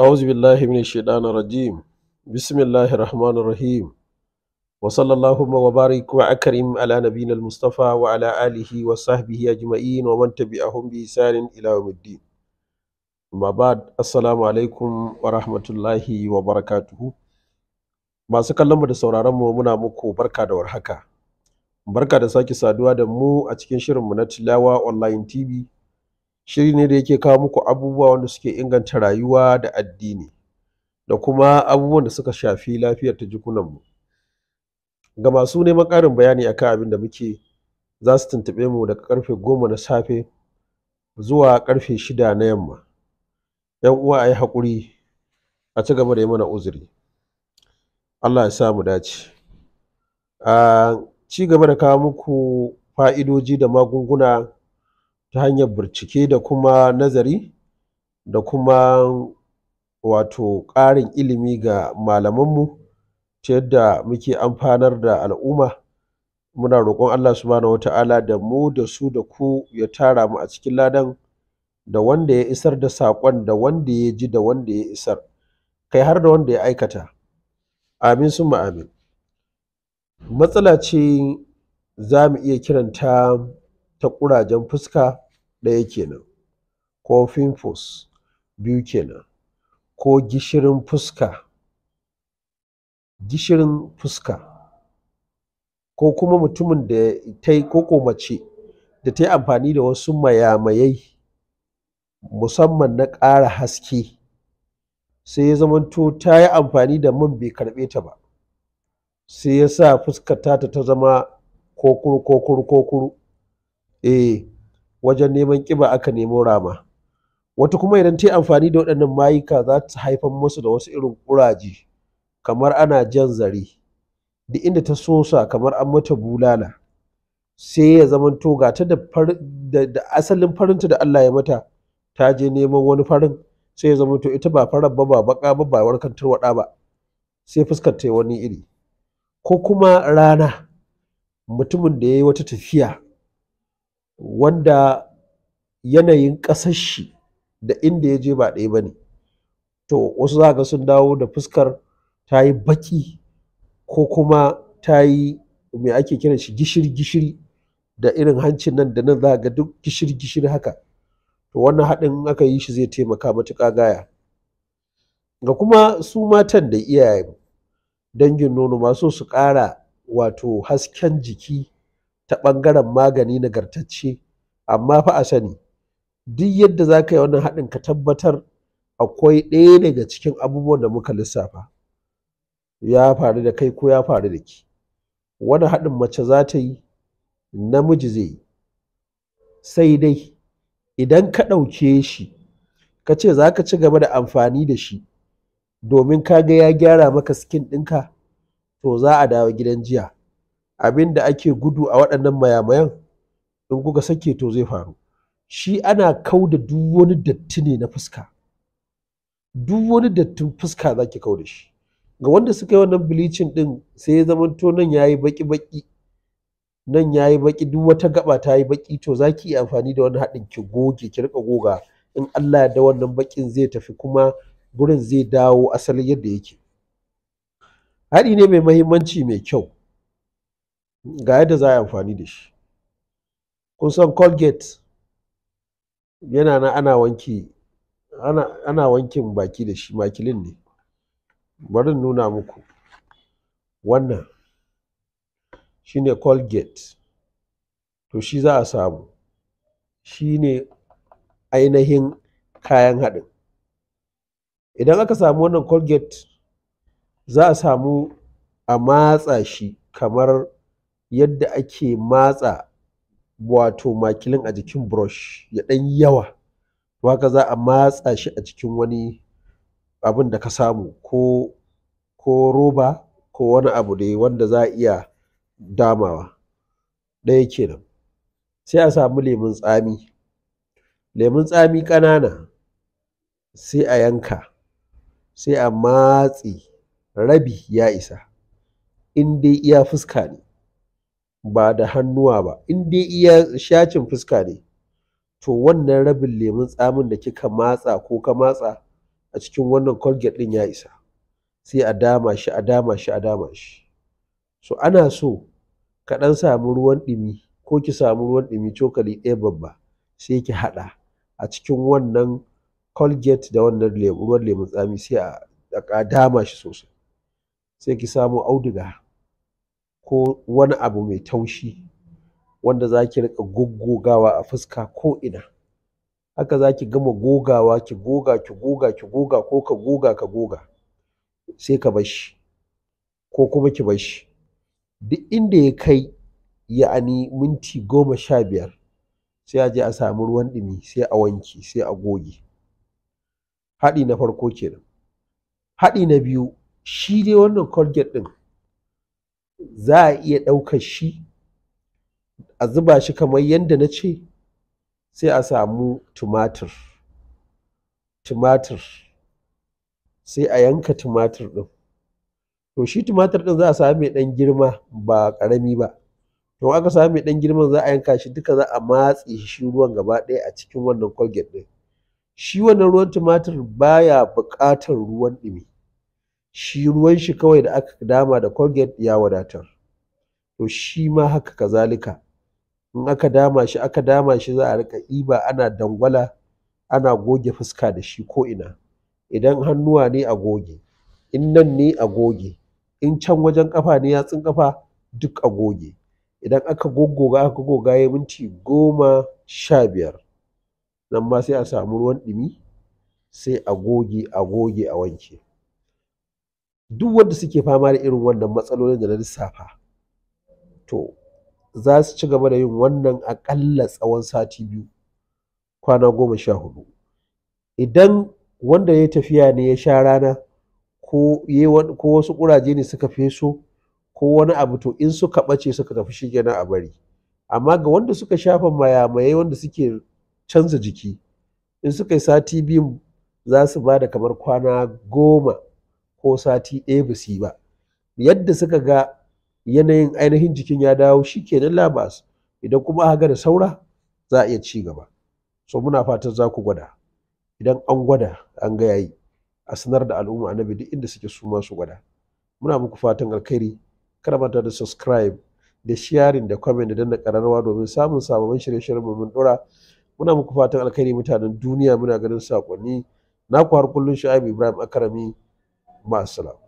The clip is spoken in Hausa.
أعوذ بالله من الشيطان الرجيم بسم الله الرحمن الرحيم وصلى اللهم وبارك وأكرم على نبينا المصطفى وعلى آله وصحبه أجمعين ومن تبعهم بإحسان إلى يوم الدين أما بعد السلام عليكم ورحمة الله وبركاته ما kallonmu da sauraronmu muna muku مكو بركة warhaka بركة da sake saduwa da mu a cikin shirinmu na tilawa shiri ne da yake kawo muku abubuwa wanda suke inganta rayuwa da addini da kuma abubuwan da suka shafi lafiyar ta jikunanmu ga masu neman ƙarin bayani a akan abin da muke za su tuntuɓe mu daga karfe goma na safe zuwa karfe shida na yamma yan uwa a yi haƙuri a ci gaba da yi mana uzuri allah ya sa mu dace a ci gaba da kawo muku fa'idoji da magunguna ta hanyar bincike da kuma nazari da kuma wato ƙarin ilimi ga malamanmu ta yadda muke amfanar da al'umma muna roƙon Allah subhanahu wata'ala da mu da su da ku ya tara mu a cikin ladan da wanda ya isar da saƙon da wanda ya ji da wanda ya isar kai har da wanda ya aikata amin sun amin matsala ce za mu iya kiranta ta ƙurajen fuska ɗaya kenan ko pimples biyu kenan ko gishirin fuska gishirin fuska ko kuma mutumin da ta yi koko mace da ta yi amfani da wasu mayamayai musamman na ƙara haske sai ya zamanto ta yi amfani da man bai karɓe ta ba sai ya sa fuskata ta ta zama kokuru kokuru kokuru eh wajen neman ƙiba aka nemo rama wata kuma idan ta yi amfani da waɗannan mayuka za ta haifar musu da wasu irin ƙuraje kamar ana jan zare duk inda ta sosa kamar an mata bulala sai ya zama to ga ta da asalin farinta da Allah ya mata ta je neman wani farin sai ya zama to ita ba farar ba ba baka ba ba warkar tarwada ba sai fuskar ta wani iri ko kuma rana mutumin da ya yi wata tafiya wanda yanayin ƙasar shi da inda ya je ba ɗaya ba ne to wasu za ga sun dawo da fuskar ta yi baƙi ko kuma ta yi me ake kira shi gishiri gishiri da irin hancin nan da nan za ga duk gishiri gishiri haka to wannan haɗin aka yi shi zai taimaka matuƙa gaya ga kuma su matan da iyayen dangin nono masu su ƙara wato hasken jiki ta ɓangaren magani nagartacce amma fa a sani duk yadda za ka yi wannan haɗin ka tabbatar akwai ɗaya daga cikin abubuwan da muka lissafa ya faru da kai ko ya faru da ki wani haɗin mace za ta yi namiji zai yi sai dai idan ka ɗauke shi ka ce za ka ci gaba da amfani da shi domin ka ga ya gyara maka skin ɗinka to za a dawo gidan jiya abin da ake gudu a waɗannan mayamayan in kuka sake to zai faru shi ana kau da duk wani datti ne na fuska duk wani dattin fuska za ki kau da shi ga wanda suka yi wannan bilicin ɗin sai ya zama to nan ya yi baƙi-baƙi nan ya yi baƙi duk wata gaba ta yi baƙi to za ki yi amfani da wani haɗin ki goge ki rika goga in Allah da wannan baƙin zai tafi kuma gurin zai dawo asalin yadda yake haɗi ne mai mahimmanci mai kyau ga yadda za a yi amfani da shi kun san colgate yana na ana wanki ana, wankin baki da shi makilin ne bari nuna muku wannan shi ne colgate to shi za a samu shi ne ainihin kayan haɗin idan aka samu wannan colgate za a samu a matsa shi kamar yadda ake matsa wato makilin a jikin brush ya ɗan yi yawa to haka za a matsa shi a cikin wani abin da ka samu ko ko roba ko wani abu dai wanda za a iya damawa ɗaya kenan sai a samu lemun tsami lemun tsami ƙanana sai a yanka sai a matsi. rabi ya isa in dai iya fuska ne ba da hannuwa ba in dai iya shacin fuska ne to wannan rabin lemun tsamin da kika matsa ko ka matsa a cikin wannan colgate din ya isa sai a dama shi a dama shi a dama shi so ana so ka dan samu ruwan ɗumi ko ki samu ruwan ɗumi cokali ɗaya babba sai ki haɗa a cikin wannan colgate da wannan ruwan lemun tsami sai a dama shi sosai sai ki samu auduga ko wani abu mai taushi wanda za ki riƙa goggogawa a fuska ko ina haka za ki gama gogawa ki goga ki goga ki goga ko ka goga ka goga sai ka bar ko kuma ki bashi duk inda ya kai ya'ani minti goma sha biyar sai a je a samu ruwan ɗumi sai a wanki, sai a goge haɗi na farko kenan haɗi na biyu shi dai wannan colgate ɗin za a iya ɗaukar shi a zuba shi kamar yadda na ce sai a samu tumatir tumatir sai a yanka tumatir ɗin to shi tumatir ɗin za a sami mai ɗan girma ba ƙarami ba to aka sami mai ɗan girma za a yanka shi duka za a matse shi ruwan gaba ɗaya a cikin wannan colgate ɗin shi wannan ruwan tumatir baya buƙatar ruwan ɗumi shi ruwan shi kawai da aka dama da colgate ya wadatar to shi ma haka kazalika in aka dama shi aka dama shi za a rika ɗiba ana dangwala ana goge fuska da shi ko ina idan hannuwa ne a goge in nan ne a goge in can wajen kafa ne yatsun kafa duk a goge idan aka goggoga aka goga ya minti goma sha biyar nan ma sai a samu ruwan ɗumi sai a goge a goge a wanke duk wanda suke fama da irin wannan matsalolin da na lissafa to za su ci gaba da yin wannan aƙalla tsawon sati biyu kwana goma sha hudu idan wanda ya tafiya ne ya sha rana ko wasu ƙuraje ne suka feso ko wani abu to in suka ɓace suka tafi shi gina a bari amma ga wanda suka shafa mayamayai wanda suke canza jiki in suka yi sati biyu za su ba da kamar kwana goma ko sati ɗaya ba su yi ba yadda suka ga yanayin ainihin jikin ya dawo shi kenan labas idan kuma aka da saura za a iya ci gaba so muna fatan za ku gwada idan an gwada an ga yayi a sanar da al'umma nabi duk inda suke su ma su gwada muna muku fatan alkhairi kada manta da subscribe da sharing da comment da danna kararrawa domin samun sababbin shirye-shiryen mu mun dora muna muku fatan alkhairi mutanen duniya muna ganin sakonni naku har kullun Shu'aibu Ibrahim Akarami ma'assalam